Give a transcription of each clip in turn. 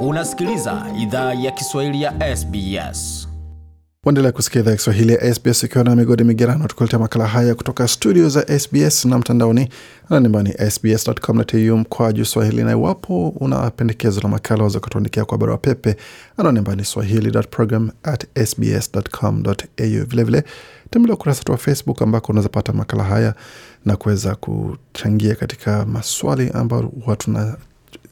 Unasikiliza idhaa ya Kiswahili ya SBS. Uendelea kusikia idhaa ya Kiswahili ya SBS ikiwa na migodi migerano, tukuletea makala haya kutoka studio za SBS na mtandaoni ananimbani sbs.com.au juu swahili, na iwapo una pendekezo la makala waweza kutuandikia kwa barua pepe ananimbani swahili.program@sbs.com.au. Vilevile tembelea ukurasa wetu wa Facebook ambako unaweza pata makala haya na kuweza kuchangia katika maswali ambayo na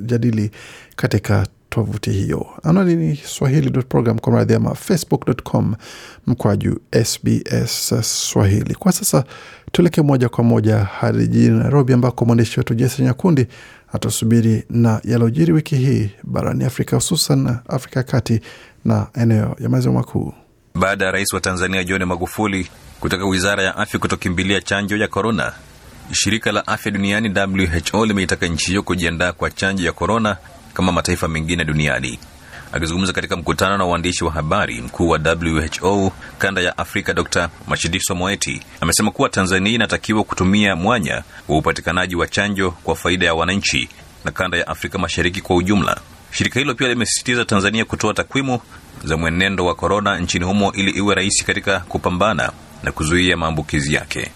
jadili katika tovuti hiyo. Anwani ni swahili.program kwa mradhi ama facebook.com mkwaju SBS Swahili. Kwa sasa tuelekee moja kwa moja hadi jijini Nairobi ambako mwandishi wetu Jesi Nyakundi atasubiri na yalaojiri wiki hii barani Afrika, hususan Afrika ya kati na eneo ya maziwa makuu baada ya rais wa Tanzania John Magufuli kutaka wizara ya afya kutokimbilia chanjo ya korona. Shirika la afya duniani WHO limeitaka nchi hiyo kujiandaa kwa chanjo ya korona kama mataifa mengine duniani. Akizungumza katika mkutano na waandishi wa habari, mkuu wa WHO kanda ya Afrika Dr. Mashidiso Moeti amesema kuwa Tanzania inatakiwa kutumia mwanya wa upatikanaji wa chanjo kwa faida ya wananchi na kanda ya Afrika Mashariki kwa ujumla. Shirika hilo pia limesisitiza Tanzania kutoa takwimu za mwenendo wa korona nchini humo ili iwe rahisi katika kupambana na kuzuia maambukizi yake.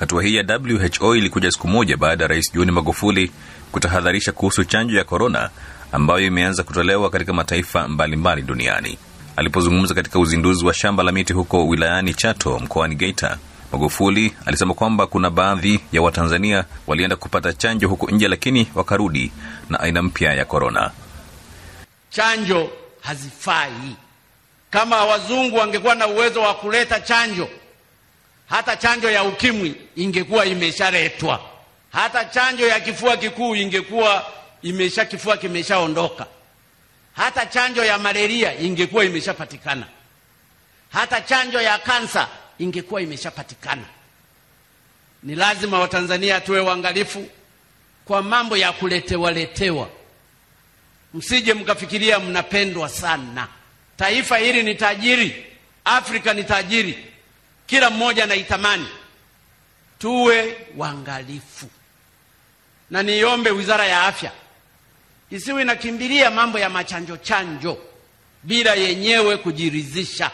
Hatua hii ya WHO ilikuja siku moja baada ya Rais John Magufuli kutahadharisha kuhusu chanjo ya korona ambayo imeanza kutolewa katika mataifa mbalimbali duniani. Alipozungumza katika uzinduzi wa shamba la miti huko wilayani Chato mkoani Geita, Magufuli alisema kwamba kuna baadhi ya Watanzania walienda kupata chanjo huko nje, lakini wakarudi na aina mpya ya korona. Chanjo hazifai. Kama wazungu wangekuwa na uwezo wa kuleta chanjo, hata chanjo ya ukimwi ingekuwa imeshaletwa, hata chanjo ya kifua kikuu ingekuwa imesha kifua kimeshaondoka. Hata chanjo ya malaria ingekuwa imeshapatikana, hata chanjo ya kansa ingekuwa imeshapatikana. Ni lazima Watanzania tuwe waangalifu kwa mambo ya kuletewaletewa, msije mkafikiria mnapendwa sana. Taifa hili ni tajiri, Afrika ni tajiri, kila mmoja anaitamani. Tuwe waangalifu, na niombe wizara ya afya isiwe inakimbilia mambo ya machanjo chanjo bila yenyewe kujiridhisha.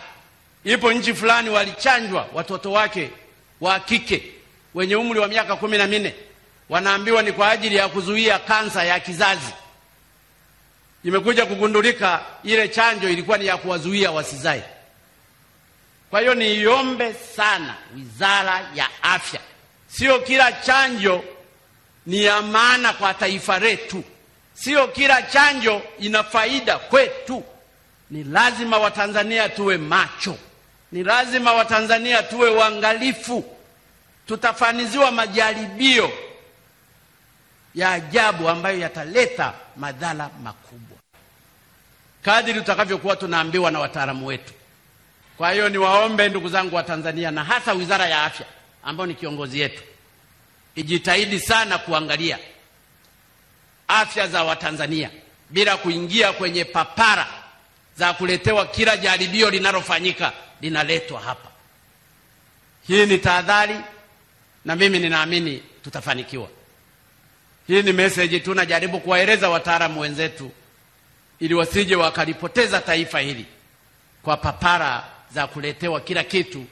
Ipo nchi fulani walichanjwa watoto wake wa kike wenye umri wa miaka kumi na minne wanaambiwa ni kwa ajili ya kuzuia kansa ya kizazi. Imekuja kugundulika ile chanjo ilikuwa ni ya kuwazuia wasizae. Kwa hiyo niiombe sana Wizara ya Afya, sio kila chanjo ni ya maana kwa taifa letu. Sio kila chanjo ina faida kwetu. Ni lazima Watanzania tuwe macho, ni lazima Watanzania tuwe waangalifu. Tutafaniziwa majaribio ya ajabu ambayo yataleta madhara makubwa kadiri tutakavyokuwa tunaambiwa na wataalamu wetu. Kwa hiyo niwaombe ndugu zangu wa Tanzania, na hasa Wizara ya Afya ambayo ni kiongozi yetu, ijitahidi sana kuangalia afya za Watanzania bila kuingia kwenye papara za kuletewa kila jaribio linalofanyika linaletwa hapa. Hii ni tahadhari, na mimi ninaamini tutafanikiwa. Hii ni message tu najaribu kuwaeleza wataalamu wenzetu, ili wasije wakalipoteza taifa hili kwa papara za kuletewa kila kitu.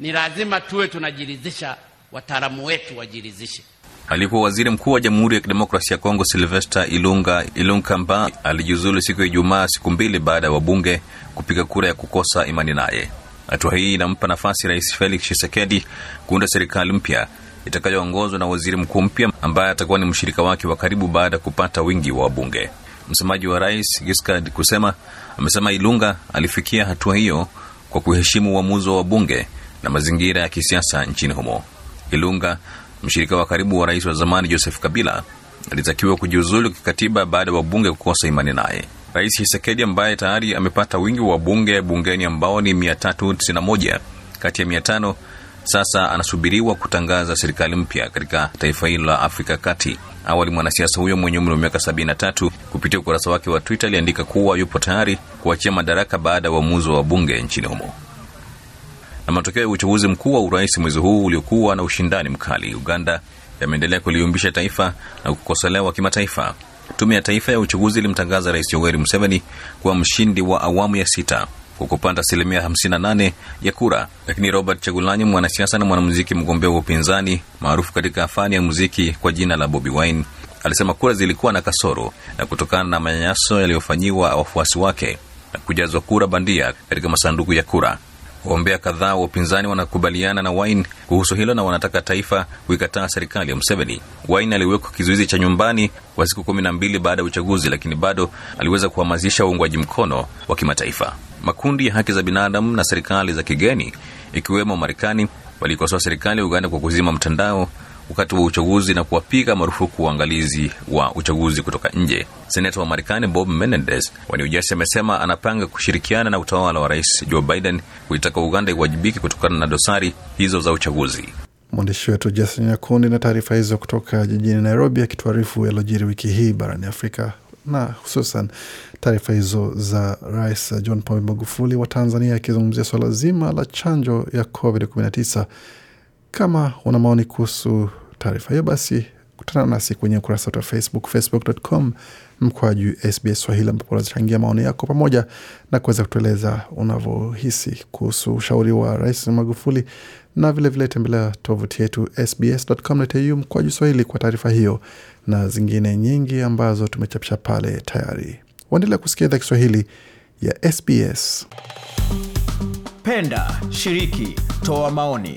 Ni lazima tuwe tunajiridhisha, wataalamu wetu wajiridhishe. Aliyekuwa waziri mkuu wa Jamhuri ya Kidemokrasia ya Kongo Silvesta Ilunga Ilunkamba alijiuzulu siku ya Ijumaa, siku mbili baada ya wabunge kupiga kura ya kukosa imani naye. Hatua hii inampa nafasi Rais Felix Tshisekedi kuunda serikali mpya itakayoongozwa na waziri mkuu mpya ambaye atakuwa ni mshirika wake wa karibu baada ya kupata wingi wa wabunge. Msemaji wa rais Giscard kusema amesema Ilunga alifikia hatua hiyo kwa kuheshimu uamuzi wa wabunge na mazingira ya kisiasa nchini humo. Ilunga Mshirika wa karibu wa rais wa zamani Joseph Kabila alitakiwa kujiuzulu kikatiba baada ya wabunge kukosa imani naye. Rais chisekedi ambaye tayari amepata wingi wa wabunge bungeni ambao ni 391 kati ya 500, sasa anasubiriwa kutangaza serikali mpya katika taifa hilo la Afrika Kati. Awali mwanasiasa huyo mwenye umri wa miaka 73 kupitia ukurasa wake wa Twitter aliandika kuwa yupo tayari kuachia madaraka baada ya uamuzi wa wabunge nchini humo. Na matokeo ya uchaguzi mkuu wa urais mwezi huu uliokuwa na ushindani mkali Uganda yameendelea kuliumbisha taifa na kukosolewa kimataifa. Tume ya Taifa ya Uchaguzi ilimtangaza Rais Yoweri Museveni kuwa mshindi wa awamu ya sita kwa kupanda asilimia 58 ya kura, lakini Robert Chagulanyi, mwanasiasa na mwanamuziki mgombea wa upinzani maarufu katika fani ya muziki kwa jina la Bobi Wine, alisema kura zilikuwa na kasoro na kutokana na manyanyaso yaliyofanyiwa wafuasi wake na kujazwa kura bandia katika masanduku ya kura. Waombea kadhaa wa upinzani wanakubaliana na Wine kuhusu hilo na wanataka taifa kuikataa serikali ya Museveni. Wine aliwekwa kizuizi cha nyumbani kwa siku kumi na mbili baada ya uchaguzi, lakini bado aliweza kuhamasisha uungwaji mkono wa kimataifa. Makundi ya haki za binadamu na serikali za kigeni ikiwemo Marekani walikosoa serikali ya Uganda kwa kuzima mtandao wakati wa uchaguzi na kuwapiga marufuku uangalizi wa uchaguzi kutoka nje. Seneta wa Marekani Bob Menendez wa New Jersey amesema anapanga kushirikiana na utawala wa Rais Joe Biden kuitaka Uganda iwajibike kutokana na dosari hizo za uchaguzi. Mwandishi wetu Jason Nyakundi na taarifa hizo kutoka jijini Nairobi, akituarifu yaliojiri wiki hii barani Afrika na hususan taarifa hizo za Rais John Pombe Magufuli wa Tanzania akizungumzia swala zima la chanjo ya COVID-19. Kama una maoni kuhusu taarifa hiyo, basi kutana nasi kwenye ukurasa wetu wa Facebook, facebook.com mkwaju SBS Swahili, ambapo unazichangia maoni yako pamoja na kuweza kutueleza unavyohisi kuhusu ushauri wa Rais Magufuli, na vilevile tembelea tovuti yetu sbs.com.au mkwaju swahili kwa taarifa hiyo na zingine nyingi ambazo tumechapisha pale tayari. Waendelea kusikia idhaa Kiswahili ya SBS. Penda, shiriki, toa maoni